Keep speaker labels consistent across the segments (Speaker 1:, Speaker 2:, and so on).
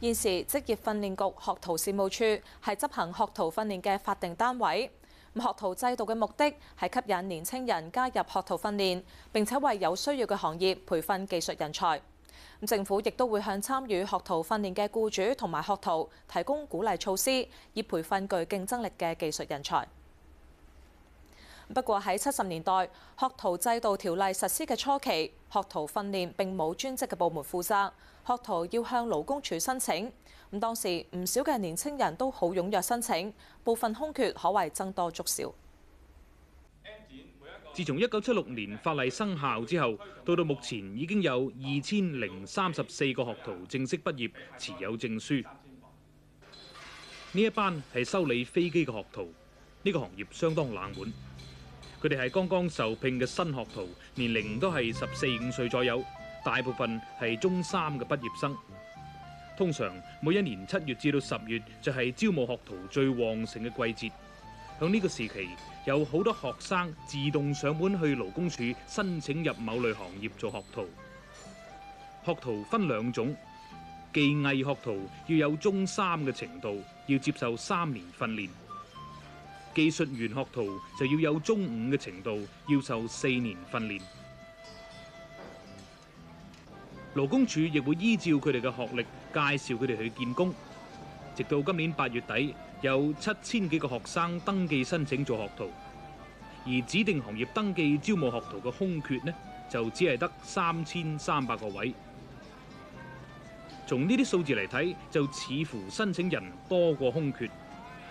Speaker 1: 現時職業訓練局學徒事務處係執行學徒訓練嘅法定單位。咁學徒制度嘅目的係吸引年輕人加入學徒訓練，並且為有需要嘅行業培訓技術人才。政府亦都會向參與學徒訓練嘅僱主同埋學徒提供鼓勵措施，以培訓具競爭力嘅技術人才。不過喺七十年代學徒制度條例實施嘅初期，學徒訓練並冇專職嘅部門負責，學徒要向勞工處申請。咁當時唔少嘅年輕人都好踴躍申請，部分空缺可謂僧多粥少。
Speaker 2: 自從一九七六年法例生效之後，到到目前已經有二千零三十四個學徒正式畢業，持有證書。呢一班係修理飛機嘅學徒，呢個行業相當冷門。佢哋係剛剛受聘嘅新學徒，年齡都係十四五歲左右，大部分係中三嘅畢業生。通常每一年七月至到十月就係招募學徒最旺盛嘅季節。響呢個時期，有好多學生自動上門去勞工處申請入某類行業做學徒。學徒分兩種，技藝學徒要有中三嘅程度，要接受三年訓練。技術員學徒就要有中五嘅程度，要受四年訓練。勞工處亦會依照佢哋嘅學歷介紹佢哋去見工，直到今年八月底有七千幾個學生登記申請做學徒，而指定行業登記招募學徒嘅空缺呢，就只係得三千三百個位。從呢啲數字嚟睇，就似乎申請人多過空缺。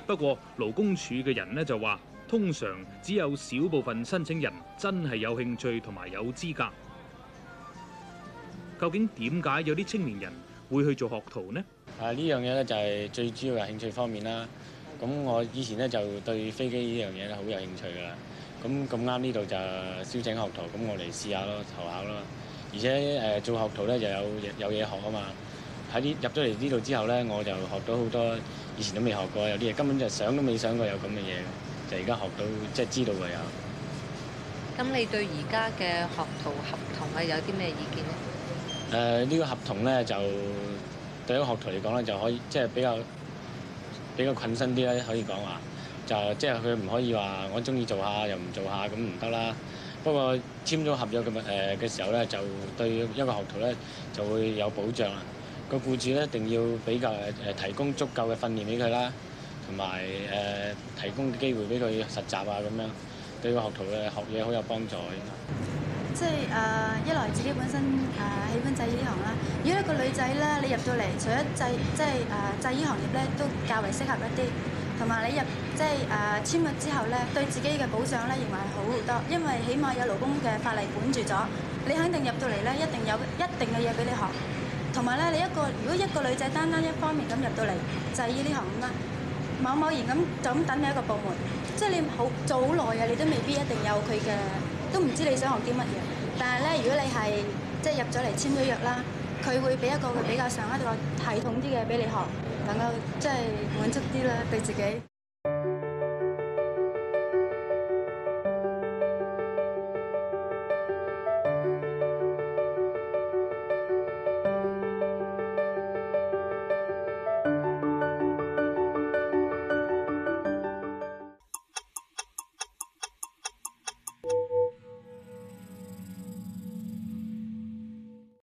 Speaker 2: 不過勞工處嘅人咧就話，通常只有少部分申請人真係有興趣同埋有
Speaker 3: 資格。究竟點解有啲青年人會去做學徒呢？啊，呢樣嘢咧就係最主要嘅興趣方面啦。咁我以前咧就對飛機呢樣嘢咧好有興趣㗎。咁咁啱呢度就招請學徒，咁我嚟試下咯，投考咯。而且誒、呃、做學徒咧就有有嘢學啊嘛。喺呢入咗嚟呢度之後咧，我就學咗好多。以前都未學過，有啲嘢根本就係想都未想過有咁嘅嘢，就而家學到即係、就是、知道㗎有。
Speaker 1: 咁你對而家嘅學徒合同係有啲咩意見呢？
Speaker 3: 誒呢、呃這個合同呢，就對一個學徒嚟講呢，就可以即係、就是、比較比較困身啲啦，可以講話就即係佢唔可以話我中意做下又唔做下咁唔得啦。不過簽咗合約嘅誒嘅時候呢，就對一個學徒呢，就會有保障啦。個僱主咧，一定要比較誒誒，提供足夠嘅訓練俾佢啦，同埋誒提供機會俾佢實習啊，咁樣對個學徒咧學嘢好有幫助。應該，即係
Speaker 4: 誒一來自己本身誒、呃、喜歡製衣行啦。如果一個女仔咧，你入到嚟，除咗製即係誒製衣行業咧，都較為適合一啲。同埋你入即係誒、呃、簽約之後咧，對自己嘅保障咧，認為係好多，因為起碼有勞工嘅法例管住咗，你肯定入到嚟咧，一定有一定嘅嘢俾你學。同埋咧，你一個如果一個女仔單單一方面咁入到嚟，就係依啲行咁啦，某某然咁就咁等你一個部門，即係你好做好耐嘅，你都未必一定有佢嘅，都唔知你想學啲乜嘢。但係咧，如果你係即係入咗嚟簽咗約啦，佢會俾一個佢比較上一個系統啲嘅俾你學，能夠即係滿足啲啦，對自己。